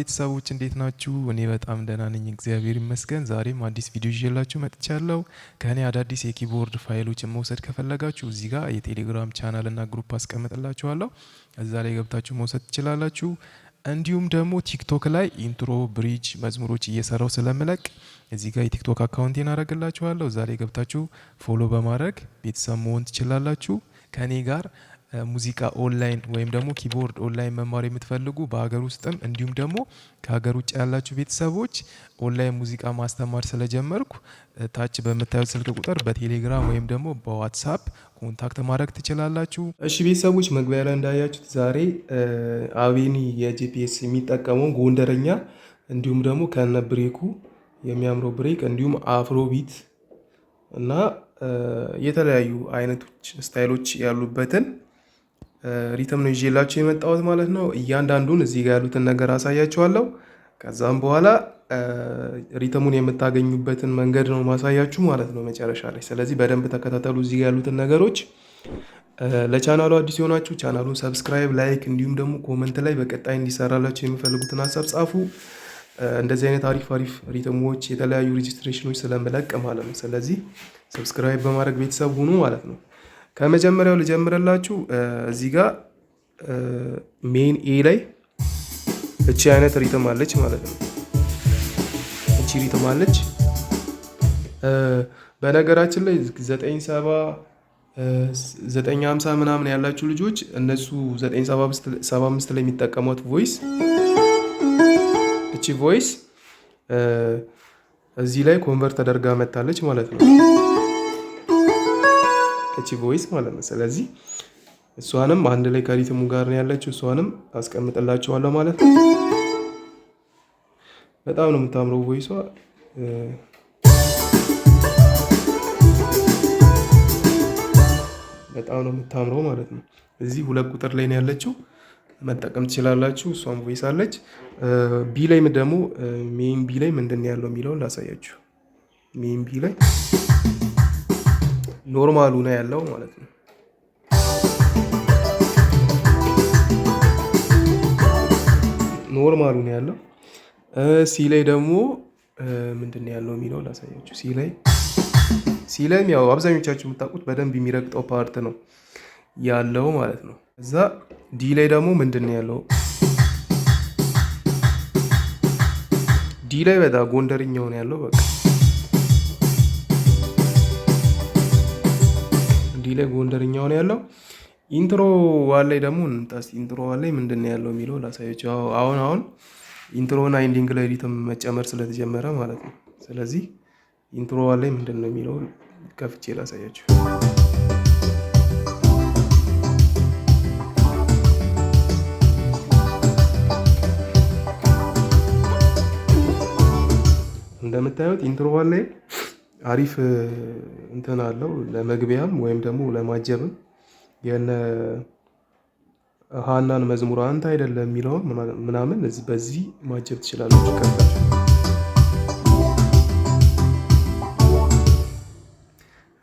ቤተሰቦች እንዴት ናችሁ? እኔ በጣም ደህና ነኝ፣ እግዚአብሔር ይመስገን። ዛሬም አዲስ ቪዲዮ ይዤላችሁ መጥቻለሁ። ከእኔ አዳዲስ የኪቦርድ ፋይሎችን መውሰድ ከፈለጋችሁ እዚህ ጋር የቴሌግራም ቻናልና ግሩፕ አስቀምጥላችኋለሁ። እዛ ላይ ገብታችሁ መውሰድ ትችላላችሁ። እንዲሁም ደግሞ ቲክቶክ ላይ ኢንትሮ፣ ብሪጅ፣ መዝሙሮች እየሰራው ስለምለቅ እዚህ ጋር የቲክቶክ አካውንቴን አረግላችኋለሁ። እዛ ላይ ገብታችሁ ፎሎ በማድረግ ቤተሰብ መሆን ትችላላችሁ ከእኔ ጋር ሙዚቃ ኦንላይን ወይም ደግሞ ኪቦርድ ኦንላይን መማር የምትፈልጉ በሀገር ውስጥም እንዲሁም ደግሞ ከሀገር ውጭ ያላችሁ ቤተሰቦች ኦንላይን ሙዚቃ ማስተማር ስለጀመርኩ ታች በምታዩት ስልክ ቁጥር በቴሌግራም ወይም ደግሞ በዋትሳፕ ኮንታክት ማድረግ ትችላላችሁ። እሺ ቤተሰቦች መግቢያ ላይ እንዳያችሁት ዛሬ አቤኒ የጂፒኤስ የሚጠቀመው ጎንደረኛ እንዲሁም ደግሞ ከነ ብሬኩ የሚያምረው ብሬክ እንዲሁም አፍሮቢት እና የተለያዩ አይነቶች ስታይሎች ያሉበትን ሪትም ነው ይዤላችሁ የመጣሁት ማለት ነው። እያንዳንዱን እዚህ ጋር ያሉትን ነገር አሳያችኋለሁ። ከዛም በኋላ ሪትሙን የምታገኙበትን መንገድ ነው ማሳያችሁ ማለት ነው መጨረሻ ላይ። ስለዚህ በደንብ ተከታተሉ እዚህ ጋር ያሉትን ነገሮች። ለቻናሉ አዲስ የሆናችሁ ቻናሉን ሰብስክራይብ፣ ላይክ እንዲሁም ደግሞ ኮመንት ላይ በቀጣይ እንዲሰራላችሁ የሚፈልጉትን ሀሳብ ጻፉ። እንደዚህ አይነት አሪፍ አሪፍ ሪትሞች የተለያዩ ሬጅስትሬሽኖች ስለምለቅ ማለት ነው። ስለዚህ ሰብስክራይብ በማድረግ ቤተሰብ ሁኑ ማለት ነው። ከመጀመሪያው ልጀምረላችሁ እዚህ ጋር ሜን ኤ ላይ እቺ አይነት ሪትም አለች ማለት ነው። እቺ ሪትም አለች። በነገራችን ላይ 97 950 ምናምን ያላችሁ ልጆች እነሱ 975 ላይ የሚጠቀሟት ቮይስ እቺ ቮይስ እዚህ ላይ ኮንቨርት ተደርጋ መታለች ማለት ነው። እቺ ቮይስ ማለት ነው። ስለዚህ እሷንም አንድ ላይ ከሪትሙ ጋር ነው ያለችው። እሷንም አስቀምጥላችኋለሁ ማለት ነው። በጣም ነው የምታምረው ቮይሷ። በጣም ነው የምታምረው ማለት ነው። እዚህ ሁለት ቁጥር ላይ ነው ያለችው መጠቀም ትችላላችሁ። እሷም ቮይስ አለች። ቢ ላይ ደግሞ ሜን ቢ ላይ ምንድን ነው ያለው የሚለውን ላሳያችሁ። ሜን ቢ ላይ ኖርማሉ ነው ያለው ማለት ነው። ኖርማሉ ነው ያለው። ሲ ላይ ደግሞ ምንድን ነው ያለው የሚለው ላሳያችሁ። ሲ ላይ ሲ ላይም ያው አብዛኞቻችሁ የምታውቁት በደንብ የሚረግጠው ፓርት ነው ያለው ማለት ነው። እዛ ዲ ላይ ደግሞ ምንድን ነው ያለው? ዲ ላይ በጣም ጎንደርኛውን ያለው በቃ ዲ ላይ ጎንደርኛው ነው ያለው። ኢንትሮ ዋን ላይ ደግሞ እንጣስ ኢንትሮ ዋን ላይ ምንድን ነው ያለው የሚለው ላሳያችሁ። አሁን አሁን ኢንትሮና ኢንዲንግ ላይ ሪትም መጨመር ስለተጀመረ ማለት ነው። ስለዚህ ኢንትሮ ዋን ላይ ምንድን ነው የሚለው ከፍቼ ላሳያችሁ። እንደምታዩት ኢንትሮ ዋን አሪፍ እንትን አለው ለመግቢያም ወይም ደግሞ ለማጀብም የነ ሀናን መዝሙር አንተ አይደለም የሚለውን ምናምን በዚህ ማጀብ ትችላለች።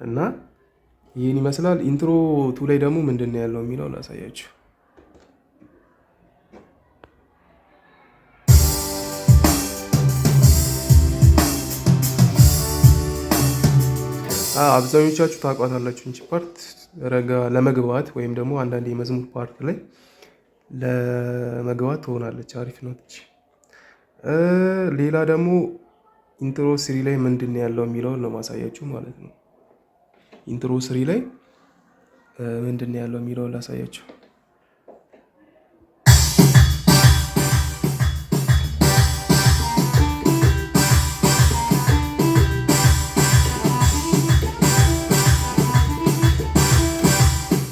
እና ይህን ይመስላል። ኢንትሮ ቱ ላይ ደግሞ ምንድን ነው ያለው የሚለውን አሳያችሁ። አብዛኞቻችሁ ታውቋታላችሁ። እንጂ ፓርት ረጋ ለመግባት ወይም ደግሞ አንዳንድ የመዝሙር ፓርት ላይ ለመግባት ትሆናለች። አሪፍ ናች። ሌላ ደግሞ ኢንትሮ ስሪ ላይ ምንድን ነው ያለው የሚለውን ነው ማሳያችሁ ማለት ነው። ኢንትሮ ስሪ ላይ ምንድን ነው ያለው የሚለውን ላሳያችሁ።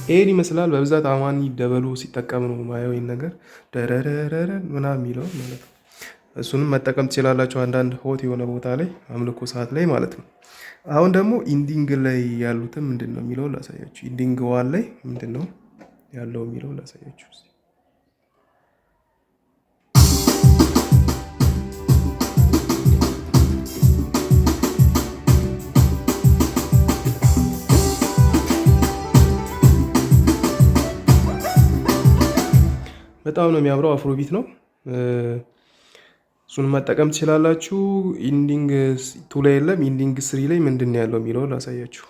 ይሄን ይመስላል። በብዛት አማኒ ደበሉ ሲጠቀም ነው ማየው ይህን ነገር ደረረረረ ምናምን የሚለው ማለት ነው። እሱንም መጠቀም ትችላላችሁ አንዳንድ ሆት የሆነ ቦታ ላይ አምልኮ ሰዓት ላይ ማለት ነው። አሁን ደግሞ ኢንዲንግ ላይ ያሉትን ምንድን ነው የሚለው ላሳያችሁ። ኢንዲንግ ዋን ላይ ምንድን ነው ያለው የሚለው ላሳያችሁ። በጣም ነው የሚያምረው። አፍሮቢት ነው። እሱን መጠቀም ትችላላችሁ። ኢንዲንግ ቱ ላይ የለም። ኢንዲንግ ስሪ ላይ ምንድን ነው ያለው የሚለውን ላሳያችሁ።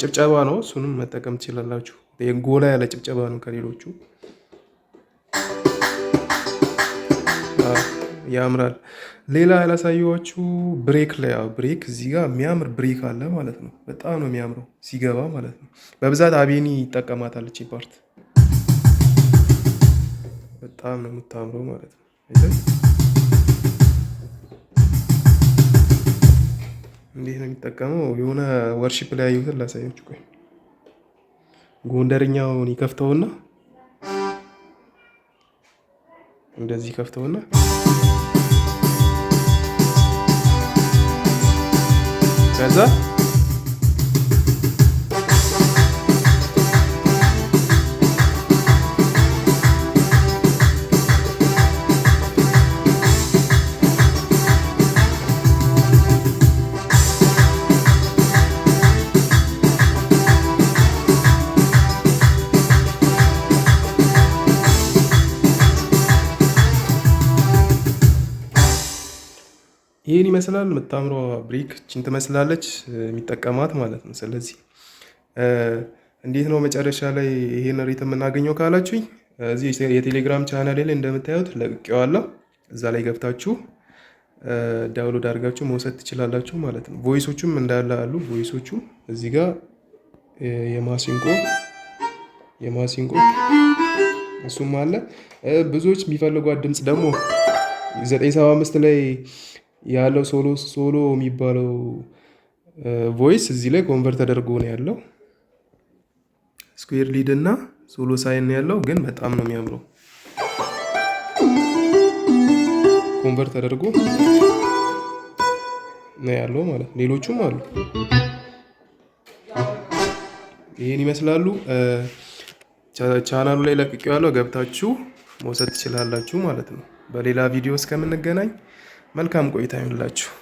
ጭብጨባ ነው። እሱንም መጠቀም ትችላላችሁ። ጎላ ያለ ጭብጨባ ነው ከሌሎቹ ያምራል። ሌላ ያላሳየኋችሁ ብሬክ ላይ ብሬክ እዚህ ጋር የሚያምር ብሬክ አለ ማለት ነው። በጣም ነው የሚያምረው ሲገባ ማለት ነው። በብዛት አቤኒ ይጠቀማታል ፓርት በጣም ነው የምታምረው ማለት ነው። እንዴት ነው የሚጠቀመው? የሆነ ወርሺፕ ላይ ያዩትን ላሳያችሁ። ቆይ ጎንደርኛውን ይከፍተውና እንደዚህ ከፍተውና Besser? ይህን ይመስላል። የምታምረው ብሬክ ችን ትመስላለች የሚጠቀማት ማለት ነው። ስለዚህ እንዴት ነው መጨረሻ ላይ ይሄን ሬት የምናገኘው ካላችሁኝ እዚህ የቴሌግራም ቻናሌ ላይ እንደምታዩት ለቅቄዋለሁ። እዛ ላይ ገብታችሁ ዳውንሎድ አድርጋችሁ መውሰድ ትችላላችሁ ማለት ነው። ቮይሶቹም እንዳለ አሉ። ቮይሶቹ እዚህ ጋር የማሲንቆ የማሲንቆ እሱም አለ። ብዙዎች የሚፈልጓት ድምፅ ደግሞ 975 ላይ ያለው ሶሎ ሶሎ የሚባለው ቮይስ እዚህ ላይ ኮንቨርት ተደርጎ ነው ያለው። ስኩዌር ሊድ እና ሶሎ ሳይን ነው ያለው፣ ግን በጣም ነው የሚያምረው ኮንቨርት ተደርጎ ነው ያለው ማለት ሌሎቹም አሉ። ይህን ይመስላሉ። ቻናሉ ላይ ለቅቄዋለሁ፣ ገብታችሁ መውሰድ ትችላላችሁ ማለት ነው። በሌላ ቪዲዮ እስከምንገናኝ መልካም ቆይታ ይሁንላችሁ።